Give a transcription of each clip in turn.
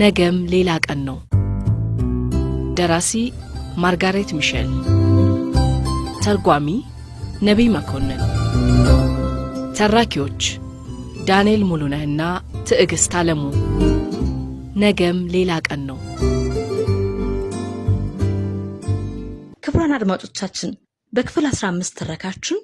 ነገም ሌላ ቀን ነው። ደራሲ ማርጋሬት ሚሸል፣ ተርጓሚ ነቢይ መኮንን፣ ተራኪዎች ዳንኤል ሙሉነህና ትዕግሥት አለሙ። ነገም ሌላ ቀን ነው። ክቡራን አድማጮቻችን በክፍል 15 ትረካችን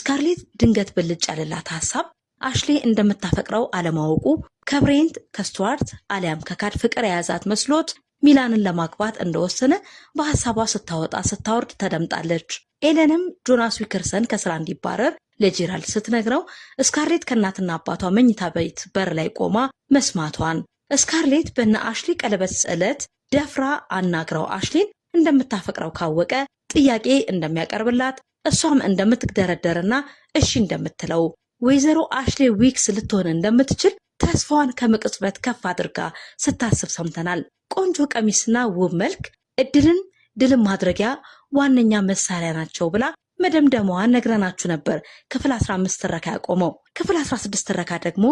ስካርሌት ድንገት ብልጭ ያለላት ሀሳብ አሽሌ እንደምታፈቅረው አለማወቁ ከብሬንት ከስቱዋርት አሊያም ከካድ ፍቅር የያዛት መስሎት ሚላንን ለማግባት እንደወሰነ በሀሳቧ ስታወጣ ስታወርድ ተደምጣለች። ኤለንም ጆናስ ዊከርሰን ከስራ እንዲባረር ለጄራልድ ስትነግረው እስካርሌት ከእናትና አባቷ መኝታ ቤት በር ላይ ቆማ መስማቷን እስካርሌት በነ አሽሊ ቀለበት ዕለት ደፍራ አናግረው አሽሊን እንደምታፈቅረው ካወቀ ጥያቄ እንደሚያቀርብላት እሷም እንደምትደረደርና እሺ እንደምትለው ወይዘሮ አሽሌ ዊክስ ልትሆን እንደምትችል ተስፋዋን ከመቅጽበት ከፍ አድርጋ ስታስብ ሰምተናል። ቆንጆ ቀሚስና ውብ መልክ እድልን ድልም ማድረጊያ ዋነኛ መሳሪያ ናቸው ብላ መደምደመዋ ነግረናችሁ ነበር። ክፍል 15 ትረካ ያቆመው ክፍል 16 ትረካ ደግሞ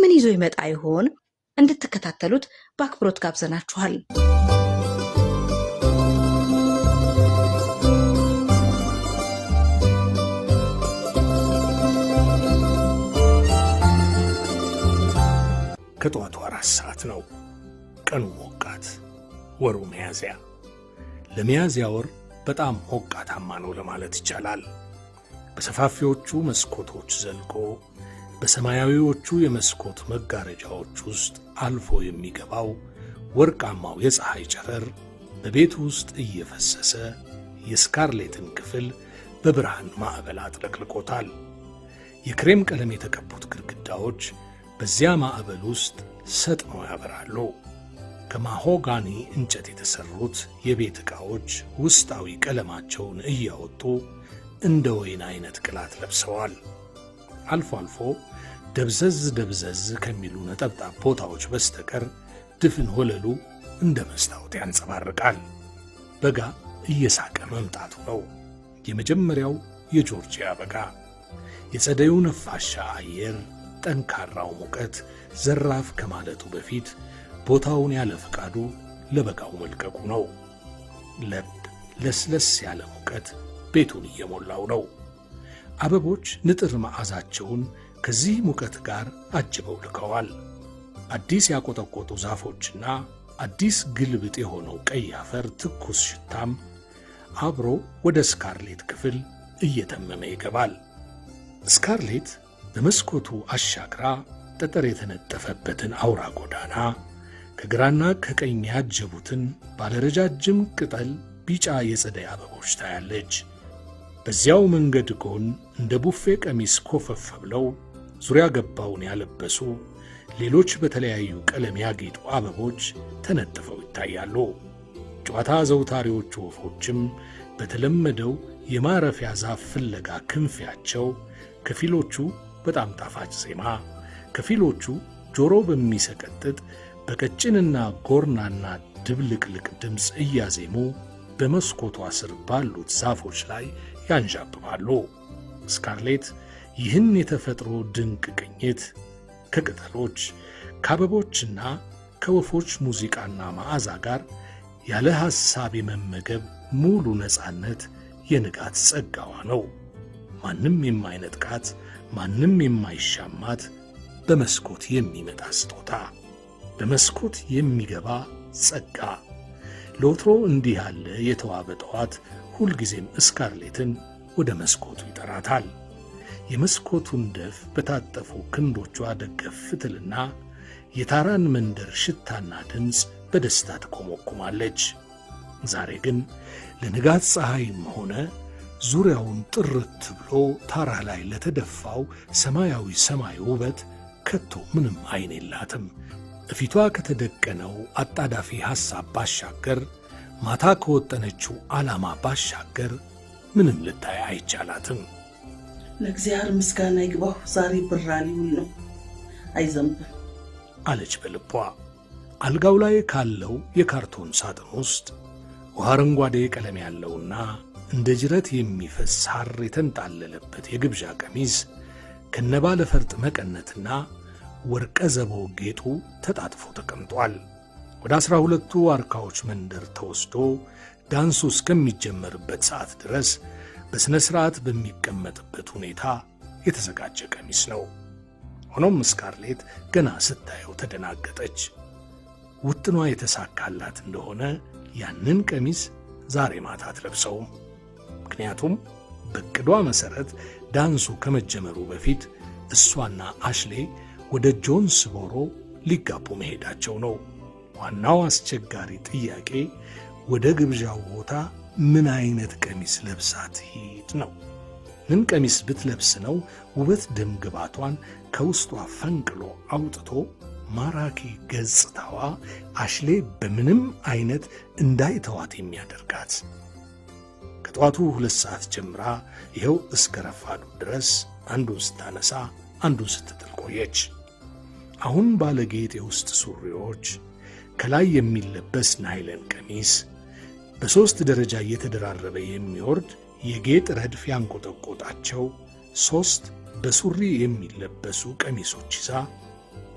ምን ይዞ ይመጣ ይሆን? እንድትከታተሉት በአክብሮት ጋብዘናችኋል። ከጠዋቱ አራት ሰዓት ነው። ቀኑ ሞቃት፣ ወሩ ሚያዝያ። ለሚያዝያ ወር በጣም ሞቃታማ ነው ለማለት ይቻላል። በሰፋፊዎቹ መስኮቶች ዘልቆ በሰማያዊዎቹ የመስኮት መጋረጃዎች ውስጥ አልፎ የሚገባው ወርቃማው የፀሐይ ጨረር በቤቱ ውስጥ እየፈሰሰ የስካርሌትን ክፍል በብርሃን ማዕበል አጥለቅልቆታል። የክሬም ቀለም የተቀቡት ግድግዳዎች በዚያ ማዕበል ውስጥ ሰጥመው ያበራሉ። ከማሆጋኒ እንጨት የተሠሩት የቤት ዕቃዎች ውስጣዊ ቀለማቸውን እያወጡ እንደ ወይን ዐይነት ቅላት ለብሰዋል። አልፎ አልፎ ደብዘዝ ደብዘዝ ከሚሉ ነጠብጣብ ቦታዎች በስተቀር ድፍን ወለሉ እንደ መስታወት ያንጸባርቃል። በጋ እየሳቀ መምጣቱ ነው። የመጀመሪያው የጆርጂያ በጋ የጸደዩ ነፋሻ አየር ጠንካራው ሙቀት ዘራፍ ከማለቱ በፊት ቦታውን ያለ ፈቃዱ ለበጋው መልቀቁ ነው። ለብ ለስለስ ያለ ሙቀት ቤቱን እየሞላው ነው። አበቦች ንጥር መዓዛቸውን ከዚህ ሙቀት ጋር አጅበው ልከዋል። አዲስ ያቆጠቆጡ ዛፎችና አዲስ ግልብጥ የሆነው ቀይ አፈር ትኩስ ሽታም አብሮ ወደ ስካርሌት ክፍል እየተመመ ይገባል። ስካርሌት በመስኮቱ አሻግራ ጠጠር የተነጠፈበትን አውራ ጎዳና ከግራና ከቀኝ ያጀቡትን ባለረጃጅም ቅጠል ቢጫ የጸደይ አበቦች ታያለች። በዚያው መንገድ ጎን እንደ ቡፌ ቀሚስ ኮፈፍ ብለው ዙሪያ ገባውን ያለበሱ ሌሎች በተለያዩ ቀለም ያጌጡ አበቦች ተነጥፈው ይታያሉ። ጨዋታ ዘውታሪዎቹ ወፎችም በተለመደው የማረፊያ ዛፍ ፍለጋ ክንፊያቸው ከፊሎቹ በጣም ጣፋጭ ዜማ ከፊሎቹ ጆሮ በሚሰቀጥጥ በቀጭንና ጎርናና ድብልቅልቅ ድምፅ እያዜሙ በመስኮቷ ስር ባሉት ዛፎች ላይ ያንዣብባሉ። ስካርሌት ይህን የተፈጥሮ ድንቅ ቅኝት ከቅጠሎች ከአበቦችና ከወፎች ሙዚቃና መዓዛ ጋር ያለ ሐሳብ የመመገብ ሙሉ ነፃነት የንጋት ጸጋዋ ነው። ማንም የማይነጥቃት ማንም የማይሻማት በመስኮት የሚመጣ ስጦታ፣ በመስኮት የሚገባ ጸጋ። ለወትሮ እንዲህ ያለ የተዋበ ጠዋት ሁልጊዜም እስካርሌትን ወደ መስኮቱ ይጠራታል። የመስኮቱን ደፍ በታጠፉ ክንዶቿ ደገፍ ፍትልና የታራን መንደር ሽታና ድምፅ በደስታ ትኮመኩማለች። ዛሬ ግን ለንጋት ፀሐይም ሆነ ዙሪያውን ጥርት ብሎ ታራህ ላይ ለተደፋው ሰማያዊ ሰማይ ውበት ከቶ ምንም ዐይን የላትም። እፊቷ ከተደቀነው አጣዳፊ ሐሳብ ባሻገር ማታ ከወጠነችው ዓላማ ባሻገር ምንም ልታይ አይቻላትም። ለእግዚአብሔር ምስጋና ይግባሁ፣ ዛሬ ብራ ሊውል ነው፣ አይዘንብም አለች በልቧ። አልጋው ላይ ካለው የካርቶን ሳጥን ውስጥ ውሃ አረንጓዴ ቀለም ያለውና እንደ ጅረት የሚፈስ ሐር የተንጣለለበት የግብዣ ቀሚስ ከነባለ ፈርጥ መቀነትና ወርቀ ዘቦ ጌጡ ተጣጥፎ ተቀምጧል። ወደ ዐሥራ ሁለቱ አርካዎች መንደር ተወስዶ ዳንሱ እስከሚጀመርበት ሰዓት ድረስ በሥነ ሥርዓት በሚቀመጥበት ሁኔታ የተዘጋጀ ቀሚስ ነው። ሆኖም ስካርሌት ገና ስታየው ተደናገጠች። ውጥኗ የተሳካላት እንደሆነ ያንን ቀሚስ ዛሬ ማታ አትለብሰውም። ምክንያቱም በቅዷ መሠረት ዳንሱ ከመጀመሩ በፊት እሷና አሽሌ ወደ ጆንስ ቦሮ ሊጋቡ መሄዳቸው ነው። ዋናው አስቸጋሪ ጥያቄ ወደ ግብዣው ቦታ ምን አይነት ቀሚስ ለብሳ ትሂድ ነው። ምን ቀሚስ ብትለብስ ነው ውበት ደም ግባቷን ከውስጧ ፈንቅሎ አውጥቶ ማራኪ ገጽታዋ አሽሌ በምንም አይነት እንዳይተዋት የሚያደርጋት? ከጠዋቱ ሁለት ሰዓት ጀምራ ይኸው እስከ ረፋዱ ድረስ አንዱን ስታነሳ አንዱን ስትጥል ቆየች። አሁን ባለጌጥ የውስጥ ሱሪዎች፣ ከላይ የሚለበስ ናይለን ቀሚስ፣ በሦስት ደረጃ እየተደራረበ የሚወርድ የጌጥ ረድፍ ያንቆጠቆጣቸው ሦስት በሱሪ የሚለበሱ ቀሚሶች ይዛ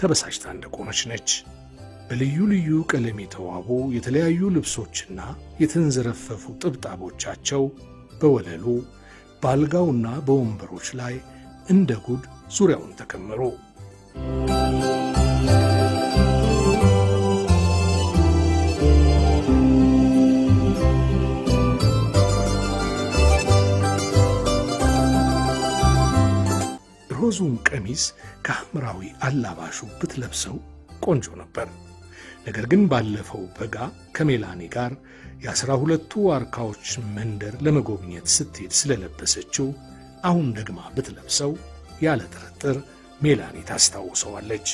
ተበሳጭታ እንደቆመች ነች። በልዩ ልዩ ቀለም የተዋቡ የተለያዩ ልብሶችና የተንዘረፈፉ ጥብጣቦቻቸው በወለሉ በአልጋውና በወንበሮች ላይ እንደ ጉድ ዙሪያውን ተከመሩ። ሮዙን ቀሚስ ከሐምራዊ አላባሹ ብትለብሰው ቆንጆ ነበር። ነገር ግን ባለፈው በጋ ከሜላኔ ጋር የአስራ ሁለቱ ዋርካዎች መንደር ለመጎብኘት ስትሄድ ስለለበሰችው አሁን ደግማ ብትለብሰው ያለ ጥርጥር ሜላኔ ታስታውሰዋለች።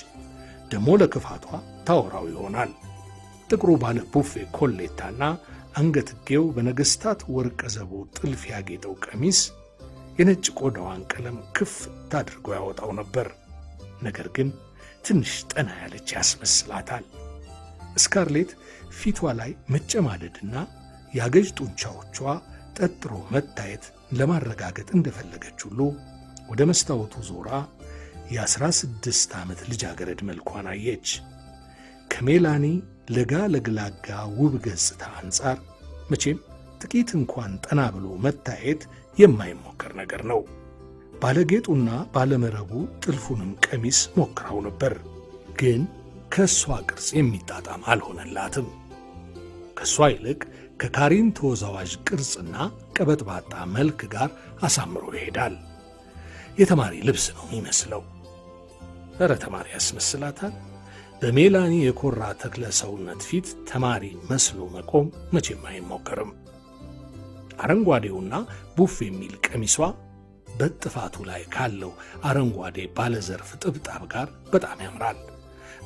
ደግሞ ለክፋቷ ታወራው ይሆናል። ጥቁሩ ባለ ቡፌ ኮሌታና አንገትጌው በነገሥታት ወርቀ ዘቦ ጥልፍ ያጌጠው ቀሚስ የነጭ ቆዳዋን ቀለም ክፍት አድርጎ ያወጣው ነበር። ነገር ግን ትንሽ ጠና ያለች ያስመስላታል። ስካርሌት ፊቷ ላይ መጨማደድና ያገዥ ጡንቻዎቿ ጠጥሮ መታየት ለማረጋገጥ እንደፈለገች ሁሉ ወደ መስታወቱ ዞራ የአስራ ስድስት ዓመት ልጃገረድ መልኳን አየች። ከሜላኒ ለጋ ለግላጋ ውብ ገጽታ አንጻር መቼም ጥቂት እንኳን ጠና ብሎ መታየት የማይሞከር ነገር ነው። ባለጌጡና ባለመረቡ ጥልፉንም ቀሚስ ሞክራው ነበር ግን ከእሷ ቅርጽ የሚጣጣም አልሆነላትም። ከእሷ ይልቅ ከካሪን ተወዛዋዥ ቅርጽና ቀበጥባጣ መልክ ጋር አሳምሮ ይሄዳል። የተማሪ ልብስ ነው የሚመስለው። እረ ተማሪ ያስመስላታል። በሜላኒ የኮራ ተክለ ሰውነት ፊት ተማሪ መስሎ መቆም መቼም አይሞከርም። አረንጓዴውና ቡፍ የሚል ቀሚሷ በጥፋቱ ላይ ካለው አረንጓዴ ባለዘርፍ ጥብጣብ ጋር በጣም ያምራል።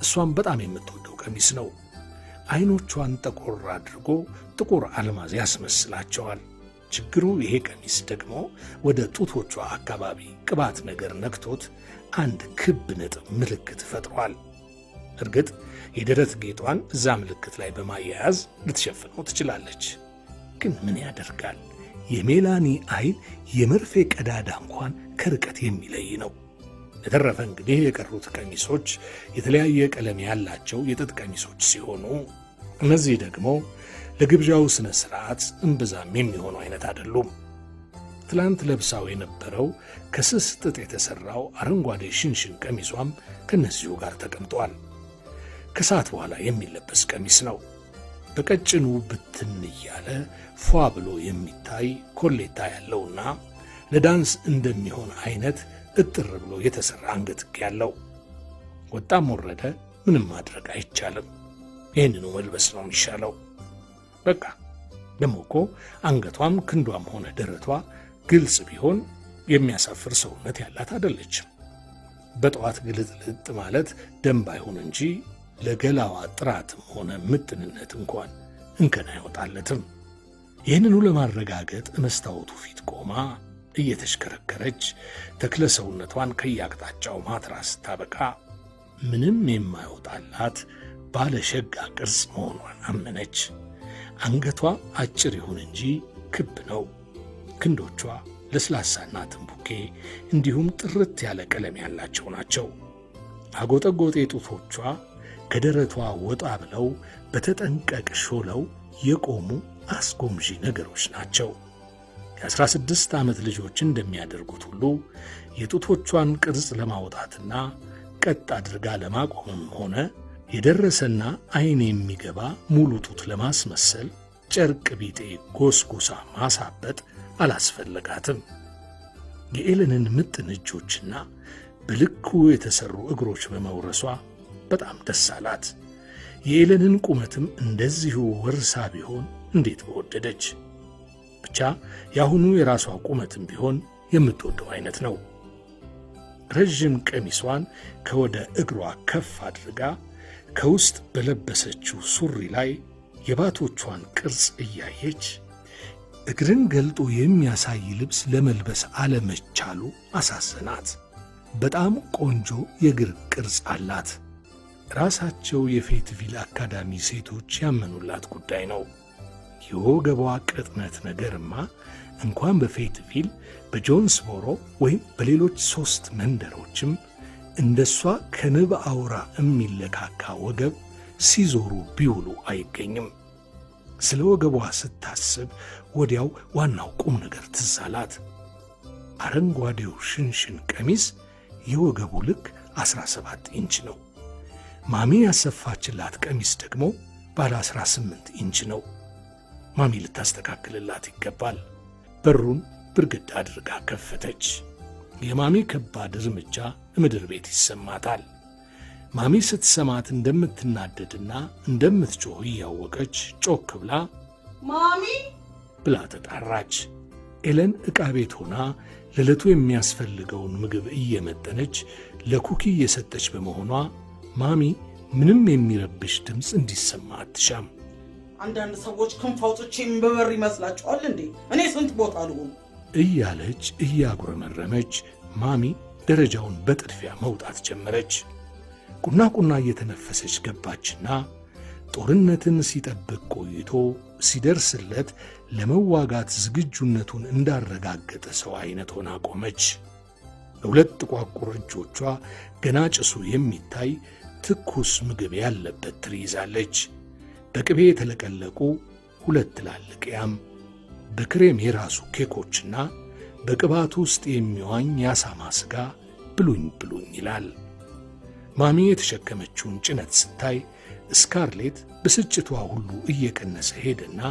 እሷን በጣም የምትወደው ቀሚስ ነው። አይኖቿን ጠቆር አድርጎ ጥቁር አልማዝ ያስመስላቸዋል። ችግሩ ይሄ ቀሚስ ደግሞ ወደ ጡቶቿ አካባቢ ቅባት ነገር ነክቶት አንድ ክብ ነጥብ ምልክት ፈጥሯል። እርግጥ የደረት ጌጧን እዛ ምልክት ላይ በማያያዝ ልትሸፍነው ትችላለች። ግን ምን ያደርጋል፣ የሜላኒ አይን የመርፌ ቀዳዳ እንኳን ከርቀት የሚለይ ነው። በተረፈ እንግዲህ የቀሩት ቀሚሶች የተለያየ ቀለም ያላቸው የጥጥ ቀሚሶች ሲሆኑ እነዚህ ደግሞ ለግብዣው ሥነ ሥርዓት እምብዛም የሚሆኑ አይነት አይደሉም። ትላንት ለብሳው የነበረው ከስስ ጥጥ የተሠራው አረንጓዴ ሽንሽን ቀሚሷም ከእነዚሁ ጋር ተቀምጧል። ከሰዓት በኋላ የሚለበስ ቀሚስ ነው። በቀጭኑ ብትን እያለ ፏ ብሎ የሚታይ ኮሌታ ያለውና ለዳንስ እንደሚሆን አይነት እጥር ብሎ የተሰራ አንገትጌ ያለው። ወጣም ወረደ ምንም ማድረግ አይቻልም። ይህንኑ መልበስ ነው የሚሻለው። በቃ ደሞ እኮ አንገቷም ክንዷም ሆነ ደረቷ ግልጽ ቢሆን የሚያሳፍር ሰውነት ያላት አደለችም። በጠዋት ግልጥልጥ ማለት ደንብ አይሆን እንጂ ለገላዋ ጥራትም ሆነ ምጥንነት እንኳን እንከን አይወጣለትም። ይህንኑ ለማረጋገጥ መስታወቱ ፊት ቆማ እየተሽከረከረች ተክለ ሰውነቷን ከየአቅጣጫው ማትራስ ታበቃ ምንም የማይወጣላት ባለሸጋ ቅርጽ መሆኗን አመነች። አንገቷ አጭር ይሁን እንጂ ክብ ነው። ክንዶቿ ለስላሳና ትንቡኬ እንዲሁም ጥርት ያለ ቀለም ያላቸው ናቸው። አጎጠጎጤ ጡቶቿ ከደረቷ ወጣ ብለው በተጠንቀቅ ሾለው የቆሙ አስጎምዢ ነገሮች ናቸው። የ16 ዓመት ልጆች እንደሚያደርጉት ሁሉ የጡቶቿን ቅርጽ ለማውጣትና ቀጥ አድርጋ ለማቆምም ሆነ የደረሰና አይን የሚገባ ሙሉ ጡት ለማስመሰል ጨርቅ ቢጤ ጎስጉሳ ማሳበጥ አላስፈለጋትም። የኤለንን ምጥን እጆችና በልኩ የተሠሩ እግሮች በመውረሷ በጣም ደስ አላት። የኤለንን ቁመትም እንደዚሁ ወርሳ ቢሆን እንዴት በወደደች! ብቻ የአሁኑ የራሷ ቁመትም ቢሆን የምትወደው አይነት ነው። ረዥም ቀሚሷን ከወደ እግሯ ከፍ አድርጋ ከውስጥ በለበሰችው ሱሪ ላይ የባቶቿን ቅርጽ እያየች እግርን ገልጦ የሚያሳይ ልብስ ለመልበስ አለመቻሉ አሳዘናት። በጣም ቆንጆ የእግር ቅርጽ አላት። ራሳቸው የፌትቪል አካዳሚ ሴቶች ያመኑላት ጉዳይ ነው። የወገቧ ቅጥነት ነገርማ እንኳን በፌትቪል በጆንስቦሮ ወይም በሌሎች ሦስት መንደሮችም እንደሷ ከንብ አውራ የሚለካካ ወገብ ሲዞሩ ቢውሉ አይገኝም። ስለ ወገቧ ስታስብ ወዲያው ዋናው ቁም ነገር ትዝ አላት። አረንጓዴው ሽንሽን ቀሚስ የወገቡ ልክ 17 ኢንች ነው። ማሚ ያሰፋችላት ቀሚስ ደግሞ ባለ 18 ኢንች ነው። ማሚ ልታስተካክልላት ይገባል። በሩን ብርግድ አድርጋ ከፈተች። የማሚ ከባድ እርምጃ ምድር ቤት ይሰማታል። ማሚ ስትሰማት እንደምትናደድና እንደምትጮህ እያወቀች ጮክ ብላ ማሚ ብላ ተጣራች። ኤለን ዕቃ ቤት ሆና ለዕለቱ የሚያስፈልገውን ምግብ እየመጠነች ለኩኪ እየሰጠች በመሆኗ ማሚ ምንም የሚረብሽ ድምፅ እንዲሰማ አትሻም። አንዳንድ ሰዎች ክንፍ አውጥቼ የምበበር ይመስላችኋል እንዴ? እኔ ስንት ቦታ ልሆን እያለች እያጉረመረመች ማሚ ደረጃውን በጥድፊያ መውጣት ጀመረች። ቁና ቁና እየተነፈሰች ገባችና ጦርነትን ሲጠብቅ ቆይቶ ሲደርስለት ለመዋጋት ዝግጁነቱን እንዳረጋገጠ ሰው አይነት ሆና ቆመች። በሁለት ጥቋቁር እጆቿ ገና ጭሱ የሚታይ ትኩስ ምግብ ያለበት ትሪ ይዛለች። በቅቤ የተለቀለቁ ሁለት ትላልቅ ያም በክሬም የራሱ ኬኮችና በቅባት ውስጥ የሚዋኝ የአሳማ ሥጋ ብሉኝ ብሉኝ ይላል። ማሚ የተሸከመችውን ጭነት ስታይ ስካርሌት ብስጭቷ ሁሉ እየቀነሰ ሄደና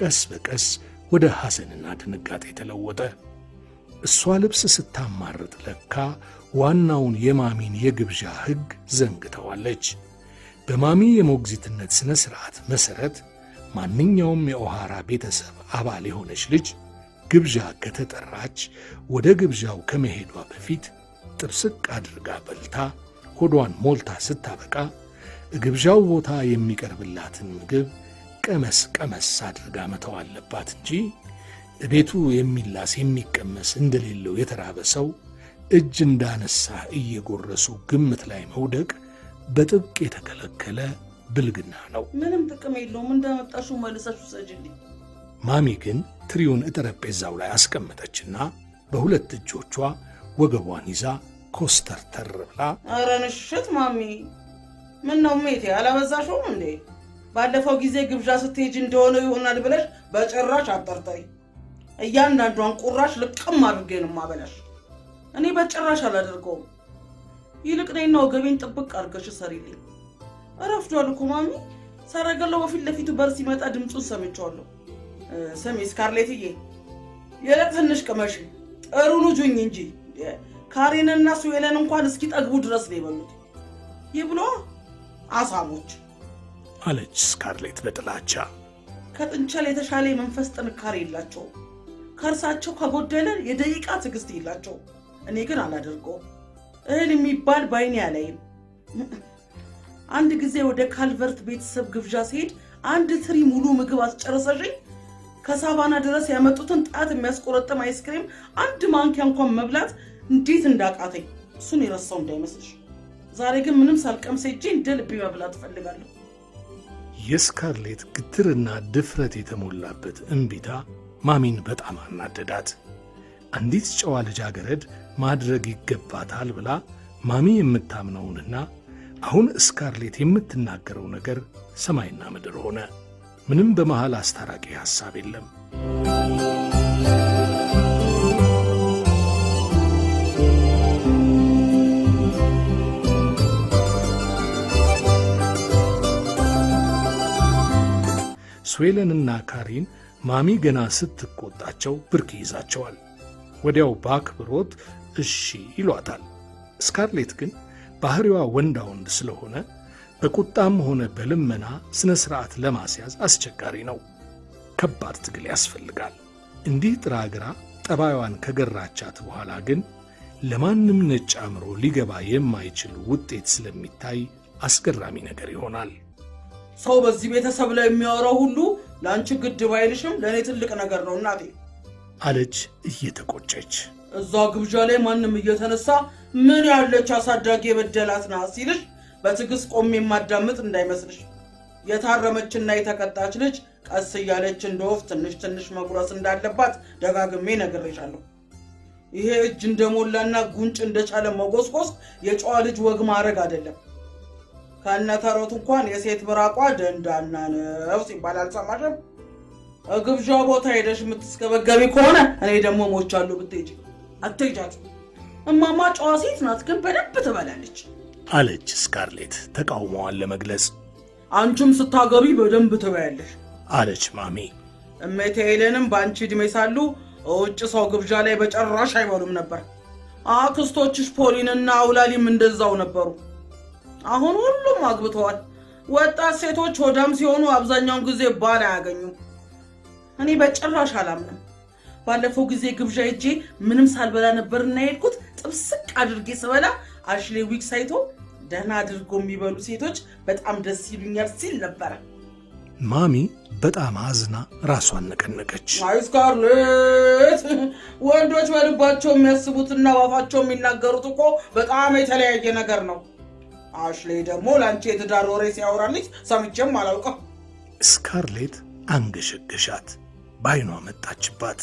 ቀስ በቀስ ወደ ሐዘንና ድንጋጤ ተለወጠ። እሷ ልብስ ስታማርጥ ለካ ዋናውን የማሚን የግብዣ ሕግ ዘንግተዋለች። በማሚ የሞግዚትነት ሥነ ሥርዓት መሠረት ማንኛውም የኦሃራ ቤተሰብ አባል የሆነች ልጅ ግብዣ ከተጠራች ወደ ግብዣው ከመሄዷ በፊት ጥብስቅ አድርጋ በልታ ሆዷን ሞልታ ስታበቃ ግብዣው ቦታ የሚቀርብላትን ምግብ ቀመስ ቀመስ አድርጋ መተው አለባት እንጂ እቤቱ የሚላስ የሚቀመስ እንደሌለው የተራበ ሰው እጅ እንዳነሳ እየጎረሱ ግምት ላይ መውደቅ በጥብቅ የተከለከለ ብልግና ነው። ምንም ጥቅም የለውም። እንዳመጣሽው መልሰሽ ውሰጂልኝ። ማሚ ግን ትሪውን እጠረጴዛው ላይ አስቀመጠችና በሁለት እጆቿ ወገቧን ይዛ ኮስተር ተር ብላ ኧረ ንሽት ማሚ፣ ምን ነው ሜቴ አላበዛሽውም እንዴ? ባለፈው ጊዜ ግብዣ ስትሄጅ እንደሆነ ይሆናል ብለሽ በጭራሽ አጠርጠሪ። እያንዳንዷን ቁራሽ ልቅም አድርጌ ነው የማበላሽ። እኔ በጭራሽ አላደርገውም። ይልቅ ነይና ወገቤን ጥብቅ አድርገሽ ሰሪልኝ። እረፍዷል እኮ ማሚ። ሰረገላው በፊት ለፊቱ በር ሲመጣ ድምፁን ሰምቼዋለሁ። ስሚ ስካርሌትዬ፣ የለ ትንሽ ቅመሽ ጥሩ ጁኝ እንጂ ካሬንና ሱሄለን እንኳን እስኪ ጠግቡ ድረስ ነው የበሉት። ይህ ብሎ አሳሞች አለች ስካርሌት በጥላቻ ከጥንቸል የተሻለ የመንፈስ ጥንካሬ የላቸውም። ከእርሳቸው ከጎደለ የደቂቃ ትዕግስት የላቸው። እኔ ግን አላደርገውም። እህል የሚባል ባይን ያለይ አንድ ጊዜ ወደ ካልቨርት ቤተሰብ ግብዣ ሲሄድ አንድ ትሪ ሙሉ ምግብ አስጨረሰሽኝ። ከሳቫና ድረስ ያመጡትን ጣት የሚያስቆረጥም አይስክሬም አንድ ማንኪያ እንኳን መብላት እንዴት እንዳቃተኝ እሱን የረሳው እንዳይመስልሽ። ዛሬ ግን ምንም ሳልቀምስ ሄጄ እንደ ልቤ መብላት እፈልጋለሁ። የስካርሌት ግትርና ድፍረት የተሞላበት እምቢታ ማሚን በጣም አናደዳት። አንዲት ጨዋ ልጃገረድ ማድረግ ይገባታል ብላ ማሚ የምታምነውንና አሁን እስካርሌት የምትናገረው ነገር ሰማይና ምድር ሆነ። ምንም በመሃል አስታራቂ ሐሳብ የለም። ስዌለንና ካሪን ማሚ ገና ስትቆጣቸው ብርክ ይዛቸዋል። ወዲያው በአክብሮት እሺ ይሏታል። ስካርሌት ግን ባህሪዋ ወንዳ ወንድ ስለሆነ በቁጣም ሆነ በልመና ስነ ሥርዓት ለማስያዝ አስቸጋሪ ነው። ከባድ ትግል ያስፈልጋል። እንዲህ ጥራ ግራ ጠባዩዋን ከገራቻት በኋላ ግን ለማንም ነጭ አእምሮ ሊገባ የማይችል ውጤት ስለሚታይ አስገራሚ ነገር ይሆናል። ሰው በዚህ ቤተሰብ ላይ የሚያወራው ሁሉ ለአንቺ ግድ ባይልሽም ለእኔ ትልቅ ነገር ነው እናቴ አለች እየተቆጨች። እዛ ግብዣ ላይ ማንም እየተነሳ ምን ያለች አሳዳጊ የበደላት ና ሲልሽ በትዕግስት ቆሜ የማዳምጥ እንዳይመስልሽ። የታረመችና የተቀጣች ልጅ ቀስ እያለች እንደ ወፍ ትንሽ ትንሽ መጉረስ እንዳለባት ደጋግሜ ነግሬሻለሁ። ይሄ እጅ እንደሞላና ጉንጭ እንደቻለ መጎስቆስ የጨዋ ልጅ ወግ ማድረግ አይደለም። ከነተረቱ እንኳን የሴት ምራቋ ደንዳና ነው ሲባል አልሰማሽም? ግብዣ ቦታ ሄደሽ የምትስገበገቢ ከሆነ እኔ ደግሞ ሞቻለሁ ብትሄጂ አትጃጩ። እማማ ጨዋ ሴት ናት፣ ግን በደንብ ትበላለች አለች ስካርሌት ተቃውሞዋን ለመግለጽ። አንቺም ስታገቢ በደንብ ትበያለሽ አለች ማሚ። እመቴ ሄለንም በአንቺ ዕድሜ ሳሉ ውጭ ሰው ግብዣ ላይ በጨራሽ አይበሉም ነበር። አክስቶችሽ ፖሊንና አውላሊም እንደዛው ነበሩ። አሁን ሁሉም አግብተዋል። ወጣት ሴቶች ሆዳም ሲሆኑ አብዛኛውን ጊዜ ባል አያገኙም። እኔ በጭራሽ አላምንም። ባለፈው ጊዜ ግብዣ ሄጄ ምንም ሳልበላ ነበርና የሄድኩት ጥብስቅ አድርጌ ስበላ አሽሌ ዊክ ሳይቶ ደህና አድርጎ የሚበሉ ሴቶች በጣም ደስ ይሉኛል ሲል ነበረ። ማሚ በጣም አዝና ራሷን ነቀነቀች። አይ ስካርሌት፣ ወንዶች በልባቸው የሚያስቡትና በአፋቸው የሚናገሩት እኮ በጣም የተለያየ ነገር ነው። አሽሌ ደግሞ ለአንቺ የትዳር ወሬ ሲያወራልኝ ሰምቼም አላውቅም። ስካርሌት አንገሸገሻት፣ በአይኗ መጣችባት።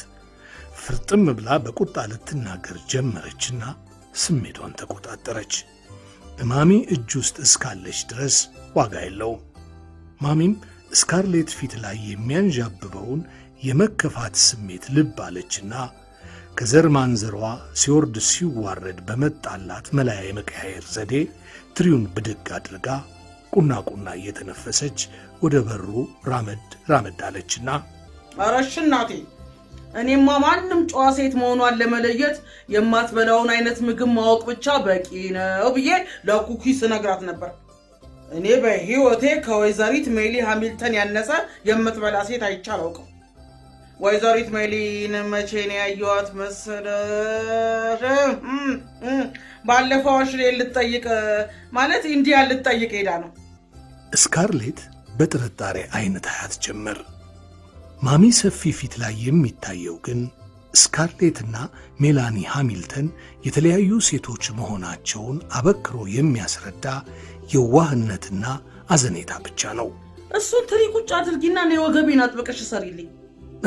ፍርጥም ብላ በቁጣ ልትናገር ጀመረችና ስሜቷን ተቆጣጠረች። በማሚ እጅ ውስጥ እስካለች ድረስ ዋጋ የለውም። ማሚም ስካርሌት ፊት ላይ የሚያንዣብበውን የመከፋት ስሜት ልብ አለችና ከዘር ማንዘሯ ሲወርድ ሲዋረድ በመጣላት መለያ የመቀያየር ዘዴ ትሪውን ብድግ አድርጋ ቁና ቁና እየተነፈሰች ወደ በሩ ራመድ ራመድ አለችና፣ ኧረ እናቴ እኔማ ማንም ጨዋ ሴት መሆኗን ለመለየት የማትበላውን አይነት ምግብ ማወቅ ብቻ በቂ ነው ብዬ ለኩኪስ ነግራት ነበር። እኔ በህይወቴ ከወይዘሪት ሜሊ ሃሚልተን ያነሰ የምትበላ ሴት አይቼ አላውቅም። ወይዘሪት ሜሊን መቼ ነው ያየኋት መሰለሽ? ባለፈው አሽሬ ልጠይቅ ማለት እንዲያ ልጠይቅ ሄዳ ነው። ስካርሌት በጥርጣሬ አይነት ታያት ጀመር። ማሚ ሰፊ ፊት ላይ የሚታየው ግን ስካርሌትና ሜላኒ ሃሚልተን የተለያዩ ሴቶች መሆናቸውን አበክሮ የሚያስረዳ የዋህነትና አዘኔታ ብቻ ነው። እሱን ትሪ ቁጭ አድርጊና እኔ ወገቤን አጥብቀሽ ሰሪልኝ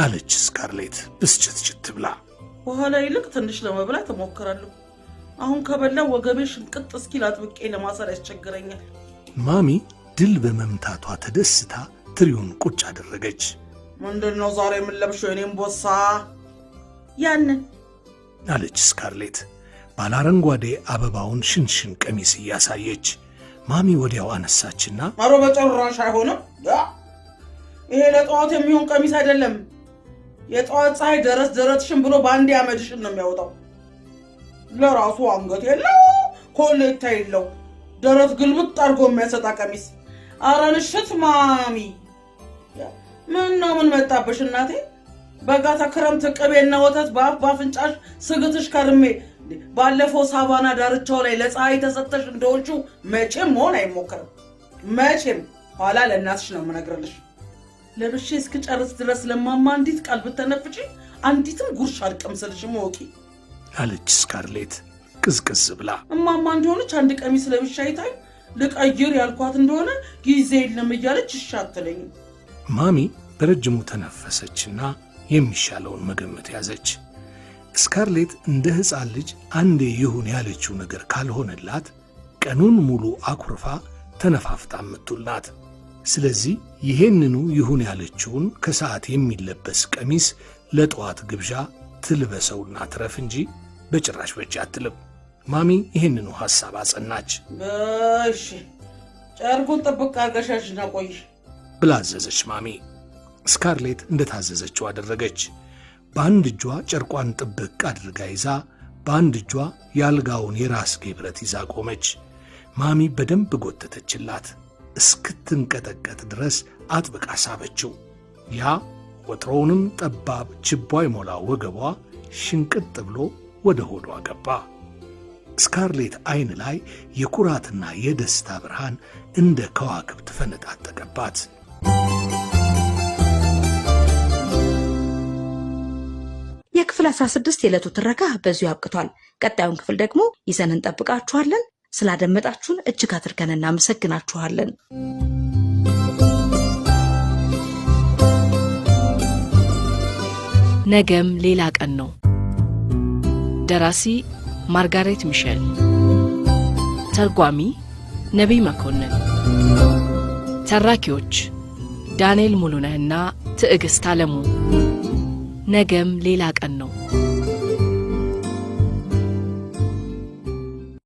አለች ስካርሌት ብስጭትጭት ብላ። በኋላ ይልቅ ትንሽ ለመብላት እሞክራለሁ። አሁን ከበላው ወገቤ ሽምቅጥ እስኪል አጥብቄ ለማሰር ያስቸግረኛል። ማሚ ድል በመምታቷ ተደስታ ትሪውን ቁጭ አደረገች። ምንድን ነው ዛሬ የምንለብሸው? የኔም ቦሳ ያንን አለች ስካርሌት አረንጓዴ አበባውን ሽንሽን ቀሚስ እያሳየች። ማሚ ወዲያው አነሳችና አሮ በጨራሽ አይሆንም፣ ይሄ ለጠዋት የሚሆን ቀሚስ አይደለም። የጠዋት ፀሐይ ደረስ ደረትሽን ብሎ በአንዴ አመድሽን ነው የሚያወጣው። ለራሱ አንገት የለው ኮሌታ የለው ደረት ግልብጥ አድርጎ የሚያሰጣ ቀሚስ አረንሽት ማሚ ምን ነው ምን መጣብሽ እናቴ? በጋታ ክረምት ቅቤና ወተት በአፍ ባፍንጫሽ ስግትሽ ከርሜ ባለፈው ሳቫና ዳርቻው ላይ ለፀሐይ ተሰጠሽ እንደወጩ መቼም መሆን አይሞክርም። መቼም ኋላ ለእናትሽ ነው የምነግርልሽ። ለብሼ እስክጨርስ ድረስ ለማማ አንዲት ቃል ብተነፍጪ አንዲትም ጉርሽ አልቀም ስልሽ መወቂ አለች ስካርሌት ቅዝቅዝ ብላ። እማማ እንደሆነች አንድ ቀሚስ ለብሻ ይታይ ልቀይር ያልኳት እንደሆነ ጊዜ የለም እያለች ይሻ አትለኝም ማሚ በረጅሙ ተነፈሰችና የሚሻለውን መገመት ያዘች። ስካርሌት እንደ ሕፃን ልጅ አንዴ ይሁን ያለችው ነገር ካልሆነላት ቀኑን ሙሉ አኩርፋ ተነፋፍጣ ምቱላት። ስለዚህ ይሄንኑ ይሁን ያለችውን ከሰዓት የሚለበስ ቀሚስ ለጠዋት ግብዣ ትልበሰውና ትረፍ እንጂ በጭራሽ በጅ አትልም። ማሚ ይሄንኑ ሐሳብ አጸናች። እሺ ጨርቁን ጥብቅ አርገሻሽ ቆይ ብላ አዘዘች ማሚ። ስካርሌት እንደታዘዘችው አደረገች። በአንድ እጇ ጨርቋን ጥብቅ አድርጋ ይዛ፣ በአንድ እጇ የአልጋውን የራስጌ ብረት ይዛ ቆመች። ማሚ በደንብ ጎተተችላት። እስክትንቀጠቀጥ ድረስ አጥብቃ ሳበችው። ያ ወትሮውንም ጠባብ ችቧ የሞላ ወገቧ ሽንቅጥ ብሎ ወደ ሆዷ ገባ። ስካርሌት ዐይን ላይ የኩራትና የደስታ ብርሃን እንደ ከዋክብት ፈነጣጠቀባት። ክፍል 16 የዕለቱ ትረካ በዚሁ አብቅቷል። ቀጣዩን ክፍል ደግሞ ይዘን እንጠብቃችኋለን። ስላደመጣችሁን እጅግ አድርገን እናመሰግናችኋለን። ነገም ሌላ ቀን ነው። ደራሲ ማርጋሬት ሚሸል፣ ተርጓሚ ነቢይ መኮንን፣ ተራኪዎች ዳንኤል ሙሉነህና ትዕግሥት አለሙ ነገም ሌላ ቀን ነው።